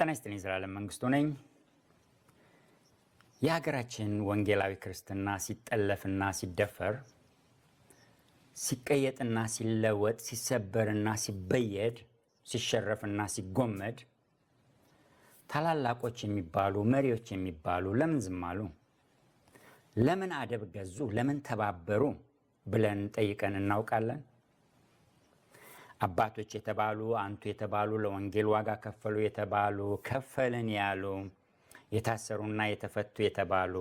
ጤና ይስጥልኝ። ዘላለም መንግስቱ ነኝ። የሀገራችን ወንጌላዊ ክርስትና ሲጠለፍና ሲደፈር ሲቀየጥና ሲለወጥ ሲሰበርና ሲበየድ ሲሸረፍና ሲጎመድ ታላላቆች የሚባሉ መሪዎች የሚባሉ ለምን ዝም አሉ? ለምን አደብ ገዙ? ለምን ተባበሩ ብለን ጠይቀን እናውቃለን? አባቶች የተባሉ አንቱ የተባሉ ለወንጌል ዋጋ ከፈሉ የተባሉ ከፈልን ያሉ የታሰሩና የተፈቱ የተባሉ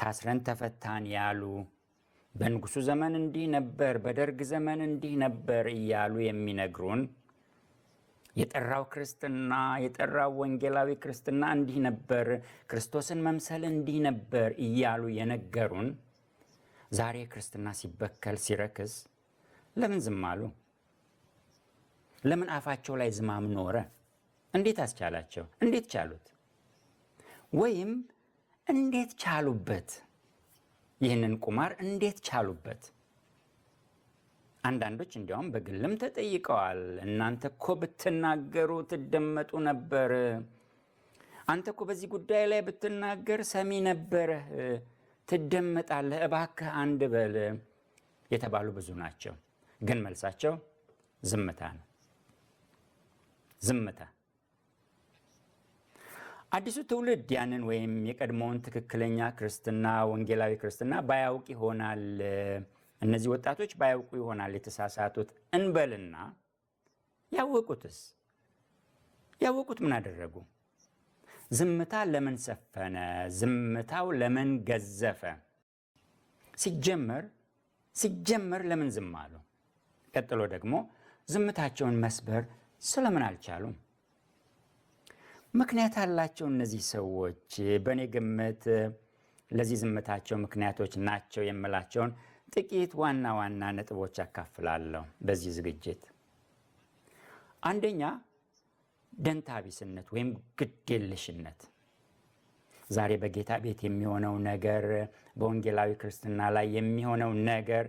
ታስረን ተፈታን ያሉ በንጉሱ ዘመን እንዲህ ነበር፣ በደርግ ዘመን እንዲህ ነበር እያሉ የሚነግሩን የጠራው ክርስትና የጠራው ወንጌላዊ ክርስትና እንዲህ ነበር፣ ክርስቶስን መምሰል እንዲህ ነበር እያሉ የነገሩን ዛሬ ክርስትና ሲበከል ሲረክስ ለምን ዝም አሉ? ለምን አፋቸው ላይ ዝማም ኖረ? እንዴት አስቻላቸው? እንዴት ቻሉት? ወይም እንዴት ቻሉበት? ይህንን ቁማር እንዴት ቻሉበት? አንዳንዶች እንዲያውም በግልም ተጠይቀዋል። እናንተ እኮ ብትናገሩ ትደመጡ ነበር። አንተ እኮ በዚህ ጉዳይ ላይ ብትናገር ሰሚ ነበረህ፣ ትደመጣለህ፣ እባክህ አንድ በል የተባሉ ብዙ ናቸው። ግን መልሳቸው ዝምታ ነው። ዝምታ። አዲሱ ትውልድ ያንን ወይም የቀድሞውን ትክክለኛ ክርስትና ወንጌላዊ ክርስትና ባያውቅ ይሆናል እነዚህ ወጣቶች ባያውቁ ይሆናል የተሳሳቱት እንበልና፣ ያወቁትስ ያወቁት ምን አደረጉ? ዝምታ ለምን ሰፈነ? ዝምታው ለምን ገዘፈ? ሲጀመር ሲጀመር ለምን ዝም አሉ? ቀጥሎ ደግሞ ዝምታቸውን መስበር ስለምን አልቻሉም? ምክንያት አላቸው። እነዚህ ሰዎች በእኔ ግምት ለዚህ ዝምታቸው ምክንያቶች ናቸው የምላቸውን ጥቂት ዋና ዋና ነጥቦች ያካፍላለሁ በዚህ ዝግጅት። አንደኛ ደንታቢስነት ወይም ግዴለሽነት። ዛሬ በጌታ ቤት የሚሆነው ነገር፣ በወንጌላዊ ክርስትና ላይ የሚሆነው ነገር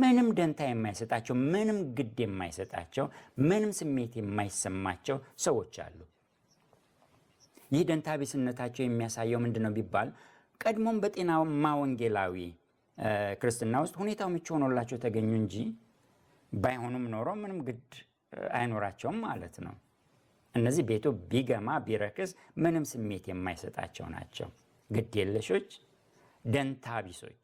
ምንም ደንታ የማይሰጣቸው ምንም ግድ የማይሰጣቸው ምንም ስሜት የማይሰማቸው ሰዎች አሉ። ይህ ደንታ ቢስነታቸው የሚያሳየው ምንድን ነው ቢባል ቀድሞም በጤናማ ወንጌላዊ ክርስትና ውስጥ ሁኔታው ምቹ ሆኖላቸው ተገኙ እንጂ ባይሆኑም ኖሮ ምንም ግድ አይኖራቸውም ማለት ነው። እነዚህ ቤቱ ቢገማ ቢረክስ ምንም ስሜት የማይሰጣቸው ናቸው። ግድ የለሾች፣ ደንታ ቢሶች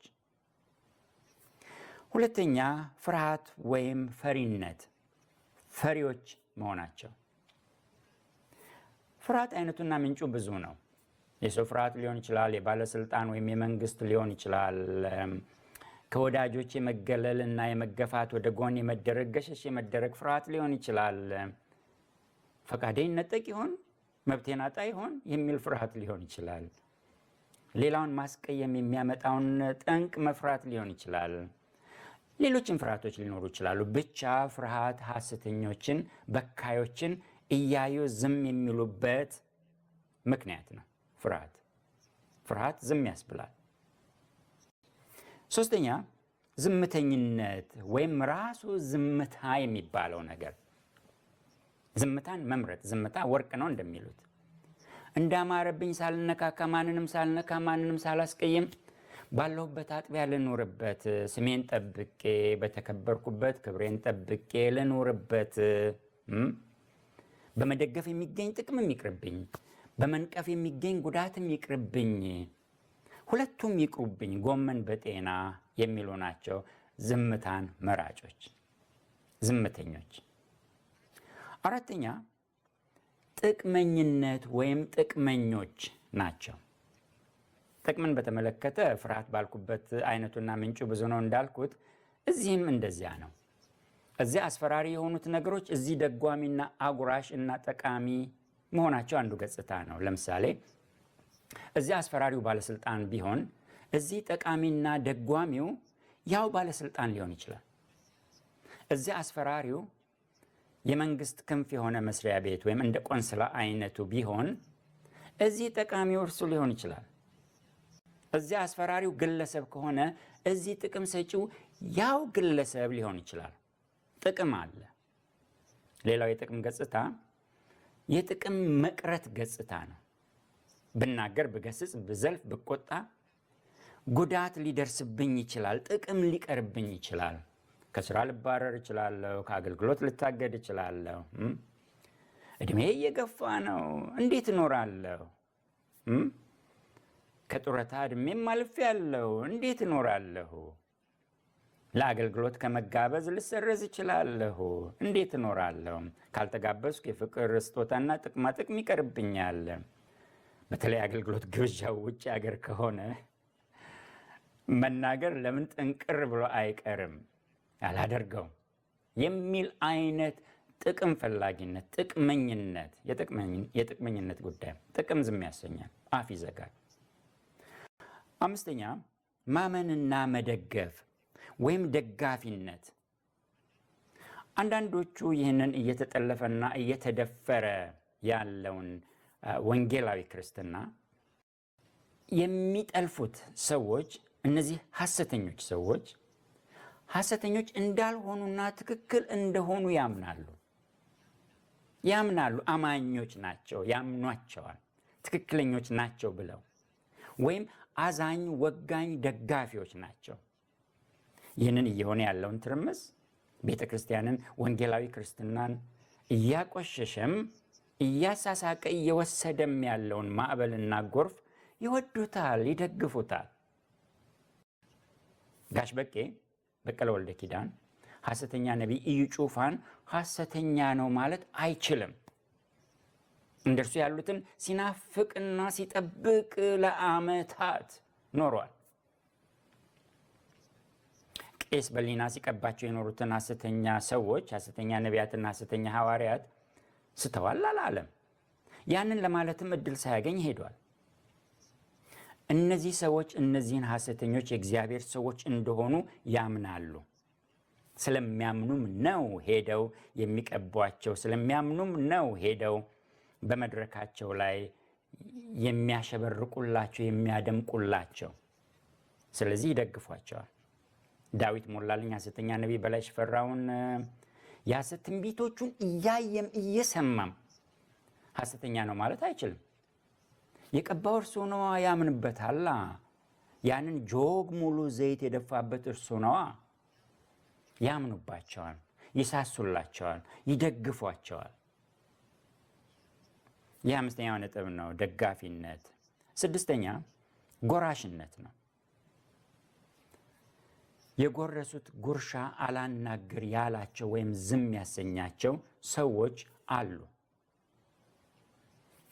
ሁለተኛ ፍርሃት ወይም ፈሪነት፣ ፈሪዎች መሆናቸው። ፍርሃት አይነቱና ምንጩ ብዙ ነው። የሰው ፍርሃት ሊሆን ይችላል። የባለስልጣን ወይም የመንግስት ሊሆን ይችላል። ከወዳጆች የመገለል እና የመገፋት ወደ ጎን የመደረግ ገሸሽ የመደረግ ፍርሃት ሊሆን ይችላል። ፈቃዴ ይነጠቅ ይሆን፣ መብቴን አጣ ይሆን የሚል ፍርሃት ሊሆን ይችላል። ሌላውን ማስቀየም የሚያመጣውን ጠንቅ መፍራት ሊሆን ይችላል። ሌሎችም ፍርሃቶች ሊኖሩ ይችላሉ። ብቻ ፍርሃት ሐሰተኞችን፣ በካዮችን እያዩ ዝም የሚሉበት ምክንያት ነው። ፍርሃት ፍርሃት ዝም ያስብላል። ሶስተኛ ዝምተኝነት ወይም ራሱ ዝምታ የሚባለው ነገር ዝምታን መምረጥ። ዝምታ ወርቅ ነው እንደሚሉት እንዳማረብኝ ሳልነካካ ማንንም ሳልነካ ማንንም ሳላስቀይም ባለሁበት አጥቢያ ልኖርበት ስሜን ጠብቄ በተከበርኩበት ክብሬን ጠብቄ ልኖርበት በመደገፍ የሚገኝ ጥቅምም ይቅርብኝ፣ በመንቀፍ የሚገኝ ጉዳትም ይቅርብኝ፣ ሁለቱም ይቅሩብኝ። ጎመን በጤና የሚሉ ናቸው ዝምታን መራጮች፣ ዝምተኞች። አራተኛ ጥቅመኝነት ወይም ጥቅመኞች ናቸው። ጥቅምን በተመለከተ ፍርሃት ባልኩበት አይነቱና ምንጩ ብዙ ነው እንዳልኩት፣ እዚህም እንደዚያ ነው። እዚህ አስፈራሪ የሆኑት ነገሮች እዚህ ደጓሚና አጉራሽ እና ጠቃሚ መሆናቸው አንዱ ገጽታ ነው። ለምሳሌ እዚህ አስፈራሪው ባለስልጣን ቢሆን እዚህ ጠቃሚና ደጓሚው ያው ባለስልጣን ሊሆን ይችላል። እዚህ አስፈራሪው የመንግስት ክንፍ የሆነ መስሪያ ቤት ወይም እንደ ቆንስላ አይነቱ ቢሆን እዚህ ጠቃሚው እርሱ ሊሆን ይችላል። እዚያ አስፈራሪው ግለሰብ ከሆነ እዚህ ጥቅም ሰጪው ያው ግለሰብ ሊሆን ይችላል። ጥቅም አለ። ሌላው የጥቅም ገጽታ የጥቅም መቅረት ገጽታ ነው። ብናገር፣ ብገስጽ፣ ብዘልፍ፣ ብቆጣ ጉዳት ሊደርስብኝ ይችላል። ጥቅም ሊቀርብኝ ይችላል። ከስራ ልባረር እችላለሁ። ከአገልግሎት ልታገድ እችላለሁ። እድሜ እየገፋ ነው። እንዴት እኖራለሁ? ከጡረታ ማልፍ ያለው እንዴት እኖራለሁ? ለአገልግሎት ከመጋበዝ ልሰረዝ እችላለሁ፣ እንዴት እኖራለሁ? ካልተጋበዝኩ የፍቅር ስጦታና ጥቅማጥቅም ይቀርብኛል። በተለይ አገልግሎት ግብዣው ውጭ አገር ከሆነ መናገር ለምን ጥንቅር ብሎ አይቀርም። አላደርገውም የሚል አይነት ጥቅም ፈላጊነት፣ ጥቅመኝነት፣ የጥቅመኝነት ጉዳይ ጥቅም ዝም ያሰኛል፣ አፍ ይዘጋል። አምስተኛ ማመንና መደገፍ ወይም ደጋፊነት። አንዳንዶቹ ይህንን እየተጠለፈና እየተደፈረ ያለውን ወንጌላዊ ክርስትና የሚጠልፉት ሰዎች እነዚህ ሐሰተኞች ሰዎች ሐሰተኞች እንዳልሆኑና ትክክል እንደሆኑ ያምናሉ ያምናሉ። አማኞች ናቸው፣ ያምኗቸዋል፣ ትክክለኞች ናቸው ብለው ወይም አዛኝ ወጋኝ ደጋፊዎች ናቸው። ይህንን እየሆነ ያለውን ትርምስ ቤተ ክርስቲያንን፣ ወንጌላዊ ክርስትናን እያቆሸሸም እያሳሳቀ እየወሰደም ያለውን ማዕበልና ጎርፍ ይወዱታል፣ ይደግፉታል። ጋሽ በቄ በቀለ ወልደ ኪዳን ሐሰተኛ ነቢይ እዩ ጩፋን ሐሰተኛ ነው ማለት አይችልም። እንደርሱ ያሉትን ሲናፍቅና ሲጠብቅ ለአመታት ኖሯል። ቄስ በሊና ሲቀባቸው የኖሩትን ሐሰተኛ ሰዎች፣ ሐሰተኛ ነቢያትና ሐሰተኛ ሐዋርያት ስተዋል አላለም። ያንን ለማለትም እድል ሳያገኝ ሄዷል። እነዚህ ሰዎች እነዚህን ሐሰተኞች የእግዚአብሔር ሰዎች እንደሆኑ ያምናሉ። ስለሚያምኑም ነው ሄደው የሚቀቧቸው። ስለሚያምኑም ነው ሄደው በመድረካቸው ላይ የሚያሸበርቁላቸው የሚያደምቁላቸው፣ ስለዚህ ይደግፏቸዋል። ዳዊት ሞላልኝ ሐሰተኛ ነቢይ በላይ ሽፈራውን የሐሰት ትንቢቶቹን እያየም እየሰማም ሐሰተኛ ነው ማለት አይችልም። የቀባው እርሱ ነዋ፣ ያምንበታላ። ያንን ጆግ ሙሉ ዘይት የደፋበት እርሱ ነዋ። ያምኑባቸዋል፣ ይሳሱላቸዋል፣ ይደግፏቸዋል። ይህ አምስተኛው ነጥብ ነው፣ ደጋፊነት። ስድስተኛ ጎራሽነት ነው። የጎረሱት ጉርሻ አላናግር ያላቸው ወይም ዝም ያሰኛቸው ሰዎች አሉ።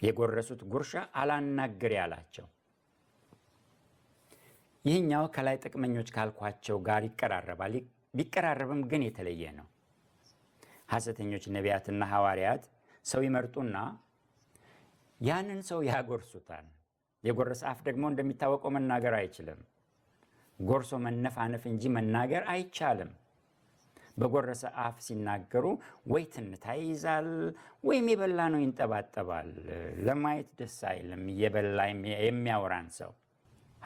የጎረሱት ጉርሻ አላናግር ያላቸው ይህኛው ከላይ ጥቅመኞች ካልኳቸው ጋር ይቀራረባል። ቢቀራረብም ግን የተለየ ነው። ሐሰተኞች ነቢያትና ሐዋርያት ሰው ይመርጡና ያንን ሰው ያጎርሱታል። የጎረሰ አፍ ደግሞ እንደሚታወቀው መናገር አይችልም። ጎርሶ መነፋነፍ እንጂ መናገር አይቻልም። በጎረሰ አፍ ሲናገሩ ወይ ትንታ ይይዛል፣ ወይም የበላ ነው ይንጠባጠባል። ለማየት ደስ አይልም እየበላ የሚያወራን ሰው።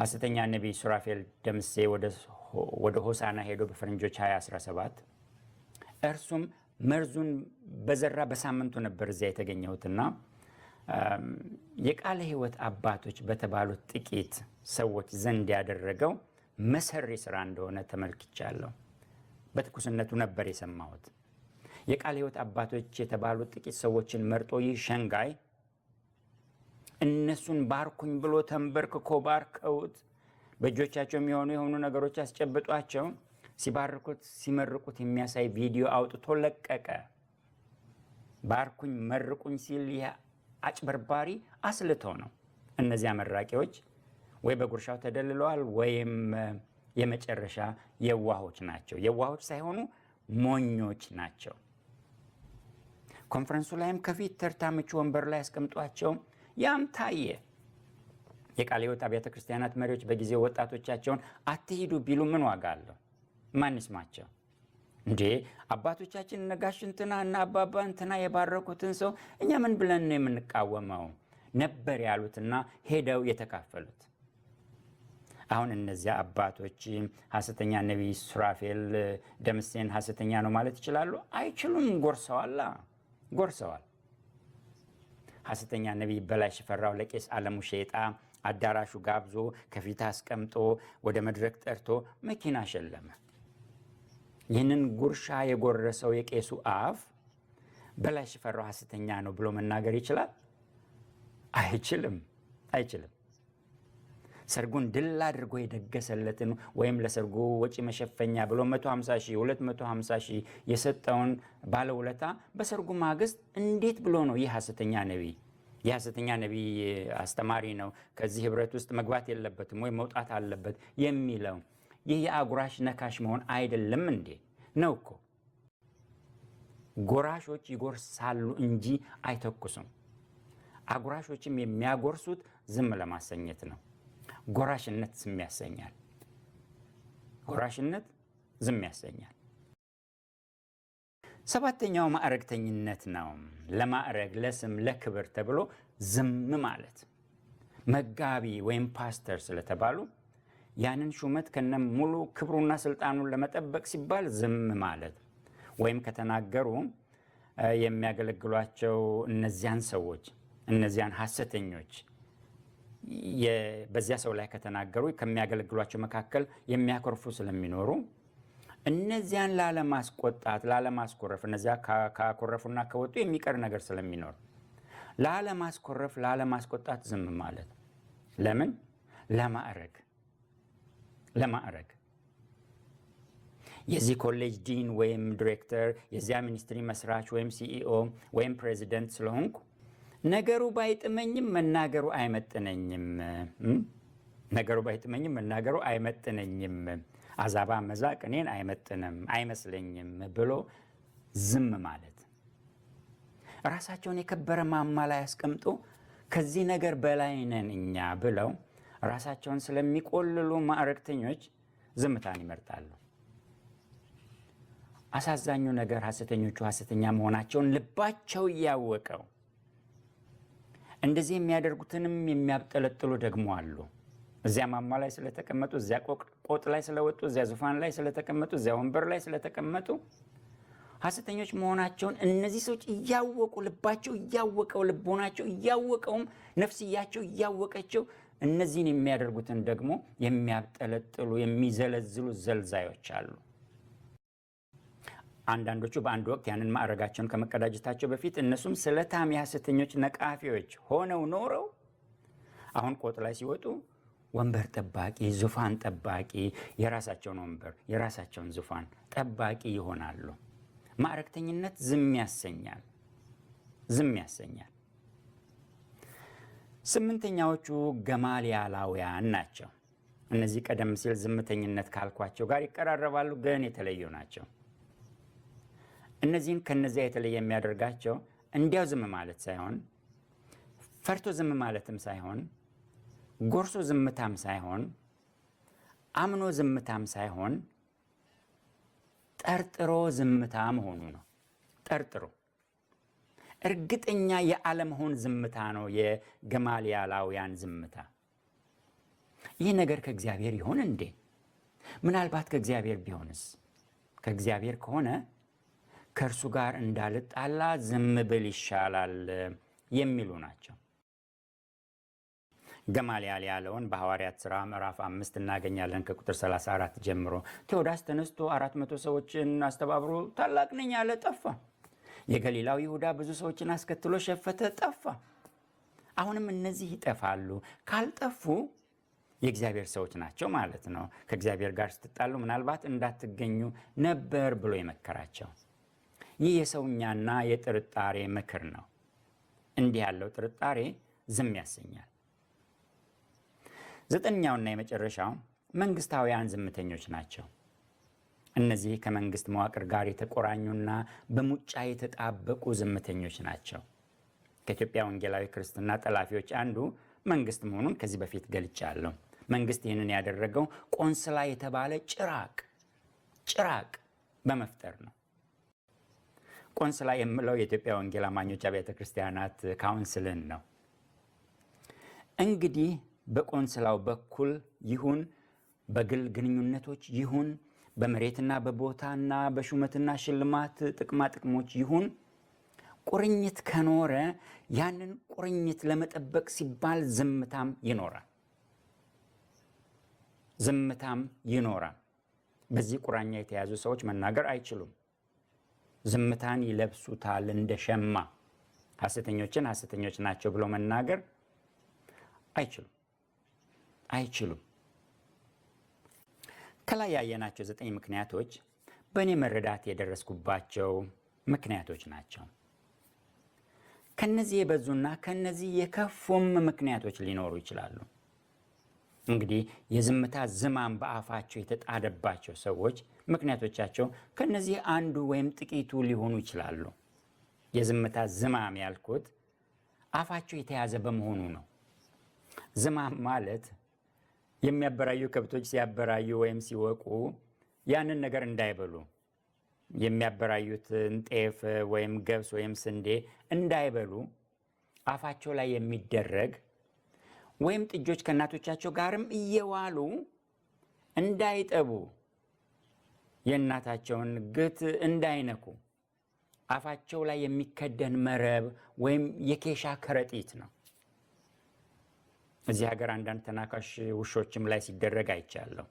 ሐሰተኛ ነቢይ ሱራፌል ደምሴ ወደ ሆሳና ሄዶ በፈረንጆች 2017 እርሱም መርዙን በዘራ በሳምንቱ ነበር እዚያ የተገኘሁትና የቃለ ሕይወት አባቶች በተባሉት ጥቂት ሰዎች ዘንድ ያደረገው መሰሪ ስራ እንደሆነ ተመልክቻለሁ። በትኩስነቱ ነበር የሰማሁት። የቃለ ሕይወት አባቶች የተባሉት ጥቂት ሰዎችን መርጦ ይህ ሸንጋይ እነሱን ባርኩኝ ብሎ ተንበርክኮ ባርከውት በእጆቻቸው የሚሆኑ የሆኑ ነገሮች ያስጨብጧቸው ሲባርኩት ሲመርቁት የሚያሳይ ቪዲዮ አውጥቶ ለቀቀ። ባርኩኝ መርቁኝ ሲል አጭበርባሪ አስልቶ ነው። እነዚያ መራቂዎች ወይ በጉርሻው ተደልለዋል ወይም የመጨረሻ የዋሆች ናቸው። የዋሆች ሳይሆኑ ሞኞች ናቸው። ኮንፈረንሱ ላይም ከፊት ተርታ ምቹ ወንበር ላይ ያስቀምጧቸው፣ ያም ታየ። የቃለ ሕይወት አብያተ ክርስቲያናት መሪዎች በጊዜው ወጣቶቻቸውን አትሂዱ ቢሉ ምን ዋጋ አለው? ማን ይስማቸው? እንዴ አባቶቻችን ነጋሽ እንትና እና አባባ እንትና የባረኩትን ሰው እኛ ምን ብለን ነው የምንቃወመው? ነበር ያሉትና ሄደው የተካፈሉት። አሁን እነዚያ አባቶች ሐሰተኛ ነቢይ ሱራፌል ደምሴን ሐሰተኛ ነው ማለት ይችላሉ? አይችሉም። ጎርሰዋላ ጎርሰዋል። ሐሰተኛ ነቢይ በላይ ሽፈራው ለቄስ አለሙ ሼጣ አዳራሹ ጋብዞ ከፊት አስቀምጦ ወደ መድረክ ጠርቶ መኪና ሸለመ። ይህንን ጉርሻ የጎረሰው የቄሱ አፍ በላይ ሽፈራው ሐሰተኛ ነው ብሎ መናገር ይችላል? አይችልም፣ አይችልም። ሰርጉን ድል አድርጎ የደገሰለትን ወይም ለሰርጉ ወጪ መሸፈኛ ብሎ 150 ሺህ 250 ሺህ የሰጠውን ባለውለታ በሰርጉ ማግስት እንዴት ብሎ ነው ይህ ሐሰተኛ ነቢይ ይህ ነቢይ አስተማሪ ነው፣ ከዚህ ህብረት ውስጥ መግባት የለበትም ወይም መውጣት አለበት የሚለው ይህ የአጉራሽ ነካሽ መሆን አይደለም እንዴ? ነው እኮ። ጎራሾች ይጎርሳሉ እንጂ አይተኩሱም። አጉራሾችም የሚያጎርሱት ዝም ለማሰኘት ነው። ጎራሽነት ዝም ያሰኛል። ጎራሽነት ዝም ያሰኛል። ሰባተኛው ማዕረግተኝነት ነው። ለማዕረግ ለስም፣ ለክብር ተብሎ ዝም ማለት መጋቢ ወይም ፓስተር ስለተባሉ ያንን ሹመት ከነ ሙሉ ክብሩና ስልጣኑን ለመጠበቅ ሲባል ዝም ማለት ወይም ከተናገሩ የሚያገለግሏቸው እነዚያን ሰዎች እነዚያን ሐሰተኞች በዚያ ሰው ላይ ከተናገሩ ከሚያገለግሏቸው መካከል የሚያኮርፉ ስለሚኖሩ እነዚያን ላለማስቆጣት፣ ላለማስኮረፍ እነዚያ ካኮረፉና ከወጡ የሚቀር ነገር ስለሚኖር ላለማስኮረፍ፣ ላለማስቆጣት ዝም ማለት ለምን ለማዕረግ ለማዕረግ የዚህ ኮሌጅ ዲን ወይም ዲሬክተር፣ የዚያ ሚኒስትሪ መስራች ወይም ሲኢኦ ወይም ፕሬዚደንት ስለሆንኩ ነገሩ ባይጥመኝም መናገሩ አይመጥነኝም። ነገሩ ባይጥመኝም መናገሩ አይመጥነኝም። አዛባ መዛቅ እኔን አይመጥንም፣ አይመስለኝም ብሎ ዝም ማለት ራሳቸውን የከበረ ማማ ላይ አስቀምጦ ከዚህ ነገር በላይ ነን እኛ ብለው ራሳቸውን ስለሚቆልሉ ማዕረግተኞች ዝምታን ይመርጣሉ። አሳዛኙ ነገር ሐሰተኞቹ ሐሰተኛ መሆናቸውን ልባቸው እያወቀው እንደዚህ የሚያደርጉትንም የሚያብጠለጥሉ ደግሞ አሉ። እዚያ ማማ ላይ ስለተቀመጡ፣ እዚያ ቆጥ ላይ ስለወጡ፣ እዚያ ዙፋን ላይ ስለተቀመጡ፣ እዚያ ወንበር ላይ ስለተቀመጡ ሐሰተኞች መሆናቸውን እነዚህ ሰዎች እያወቁ ልባቸው እያወቀው ልቦናቸው እያወቀውም ነፍስያቸው እያወቀቸው እነዚህን የሚያደርጉትን ደግሞ የሚያብጠለጥሉ የሚዘለዝሉ ዘልዛዮች አሉ። አንዳንዶቹ በአንድ ወቅት ያንን ማዕረጋቸውን ከመቀዳጀታቸው በፊት እነሱም ስለታም የሐሰተኞች ነቃፊዎች ሆነው ኖረው አሁን ቆጥ ላይ ሲወጡ ወንበር ጠባቂ፣ ዙፋን ጠባቂ፣ የራሳቸውን ወንበር የራሳቸውን ዙፋን ጠባቂ ይሆናሉ። ማዕረግተኝነት ዝም ያሰኛል፣ ዝም ያሰኛል። ስምንተኛዎቹ ገማሊያላውያን ናቸው። እነዚህ ቀደም ሲል ዝምተኝነት ካልኳቸው ጋር ይቀራረባሉ፣ ግን የተለዩ ናቸው። እነዚህን ከነዚያ የተለየ የሚያደርጋቸው እንዲያው ዝም ማለት ሳይሆን ፈርቶ ዝም ማለትም ሳይሆን ጎርሶ ዝምታም ሳይሆን አምኖ ዝምታም ሳይሆን ጠርጥሮ ዝምታ መሆኑ ነው። ጠርጥሮ እርግጠኛ የአለመሆን ዝምታ ነው የገማልያላውያን ዝምታ። ይህ ነገር ከእግዚአብሔር ይሆን እንዴ? ምናልባት ከእግዚአብሔር ቢሆንስ? ከእግዚአብሔር ከሆነ ከእርሱ ጋር እንዳልጣላ ዝም ብል ይሻላል የሚሉ ናቸው። ገማልያል ያለውን በሐዋርያት ሥራ ምዕራፍ አምስት እናገኛለን ከቁጥር 34 ጀምሮ ቴዎዳስ ተነስቶ አራት መቶ ሰዎችን አስተባብሮ ታላቅ ነኝ ያለ ጠፋ። የገሊላው ይሁዳ ብዙ ሰዎችን አስከትሎ ሸፈተ፣ ጠፋ። አሁንም እነዚህ ይጠፋሉ። ካልጠፉ የእግዚአብሔር ሰዎች ናቸው ማለት ነው። ከእግዚአብሔር ጋር ስትጣሉ ምናልባት እንዳትገኙ ነበር ብሎ የመከራቸው ይህ የሰውኛና የጥርጣሬ ምክር ነው። እንዲህ ያለው ጥርጣሬ ዝም ያሰኛል። ዘጠነኛውና የመጨረሻው መንግስታውያን ዝምተኞች ናቸው። እነዚህ ከመንግስት መዋቅር ጋር የተቆራኙና በሙጫ የተጣበቁ ዝምተኞች ናቸው። ከኢትዮጵያ ወንጌላዊ ክርስትና ጠላፊዎች አንዱ መንግስት መሆኑን ከዚህ በፊት ገልጫለሁ። መንግስት ይህንን ያደረገው ቆንስላ የተባለ ጭራቅ ጭራቅ በመፍጠር ነው። ቆንስላ የምለው የኢትዮጵያ ወንጌል አማኞች አብያተ ክርስቲያናት ካውንስልን ነው። እንግዲህ በቆንስላው በኩል ይሁን በግል ግንኙነቶች ይሁን በመሬትና በቦታና በሹመትና ሽልማት ጥቅማ ጥቅሞች ይሁን ቁርኝት ከኖረ ያንን ቁርኝት ለመጠበቅ ሲባል ዝምታም ይኖራል። ዝምታም ይኖራል። በዚህ ቁራኛ የተያዙ ሰዎች መናገር አይችሉም። ዝምታን ይለብሱታል እንደ ሸማ። ሐሰተኞችን ሐሰተኞች ናቸው ብሎ መናገር አይችሉም አይችሉም። ከላይ ያየናቸው ዘጠኝ ምክንያቶች በእኔ መረዳት የደረስኩባቸው ምክንያቶች ናቸው። ከነዚህ የበዙና ከነዚህ የከፉም ምክንያቶች ሊኖሩ ይችላሉ። እንግዲህ የዝምታ ዝማም በአፋቸው የተጣደባቸው ሰዎች ምክንያቶቻቸው ከነዚህ አንዱ ወይም ጥቂቱ ሊሆኑ ይችላሉ። የዝምታ ዝማም ያልኩት አፋቸው የተያዘ በመሆኑ ነው። ዝማም ማለት የሚያበራዩ ከብቶች ሲያበራዩ ወይም ሲወቁ ያንን ነገር እንዳይበሉ የሚያበራዩትን ጤፍ ወይም ገብስ ወይም ስንዴ እንዳይበሉ አፋቸው ላይ የሚደረግ ወይም ጥጆች ከእናቶቻቸው ጋርም እየዋሉ እንዳይጠቡ የእናታቸውን ግት እንዳይነኩ አፋቸው ላይ የሚከደን መረብ ወይም የኬሻ ከረጢት ነው። እዚህ ሀገር አንዳንድ ተናካሽ ውሾችም ላይ ሲደረግ አይቻለሁ።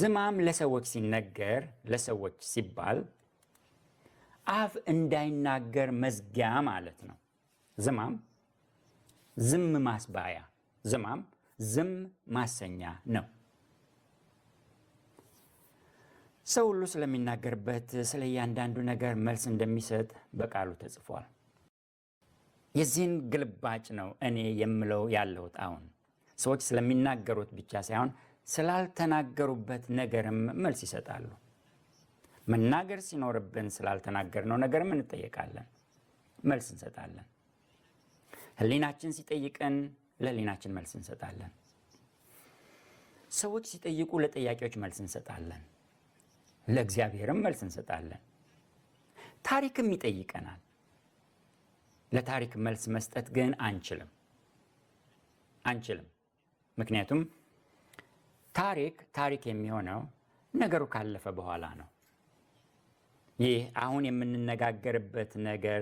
ዝማም ለሰዎች ሲነገር ለሰዎች ሲባል አፍ እንዳይናገር መዝጊያ ማለት ነው። ዝማም ዝም ማስባያ፣ ዝማም ዝም ማሰኛ ነው። ሰው ሁሉ ስለሚናገርበት ስለ እያንዳንዱ ነገር መልስ እንደሚሰጥ በቃሉ ተጽፏል። የዚህን ግልባጭ ነው እኔ የምለው ያለሁት። አሁን ሰዎች ስለሚናገሩት ብቻ ሳይሆን ስላልተናገሩበት ነገርም መልስ ይሰጣሉ። መናገር ሲኖርብን ስላልተናገርነው ነገርም እንጠየቃለን፣ መልስ እንሰጣለን። ህሊናችን ሲጠይቀን ለህሊናችን መልስ እንሰጣለን። ሰዎች ሲጠይቁ ለጠያቂዎች መልስ እንሰጣለን፣ ለእግዚአብሔርም መልስ እንሰጣለን። ታሪክም ይጠይቀናል። ለታሪክ መልስ መስጠት ግን አንችልም አንችልም። ምክንያቱም ታሪክ ታሪክ የሚሆነው ነገሩ ካለፈ በኋላ ነው። ይህ አሁን የምንነጋገርበት ነገር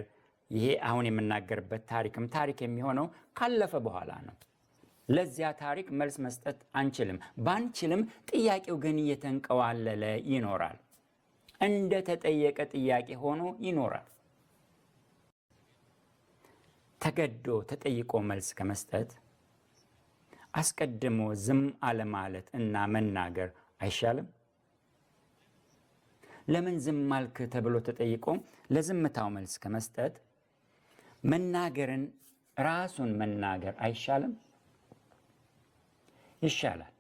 ይሄ አሁን የምናገርበት ታሪክም ታሪክ የሚሆነው ካለፈ በኋላ ነው። ለዚያ ታሪክ መልስ መስጠት አንችልም። ባንችልም ጥያቄው ግን እየተንቀዋለለ ይኖራል። እንደተጠየቀ ጥያቄ ሆኖ ይኖራል። ተገዶ ተጠይቆ መልስ ከመስጠት አስቀድሞ ዝም አለማለት እና መናገር አይሻልም? ለምን ዝም አልክ ተብሎ ተጠይቆ ለዝምታው መልስ ከመስጠት መናገርን ራሱን መናገር አይሻልም? ይሻላል።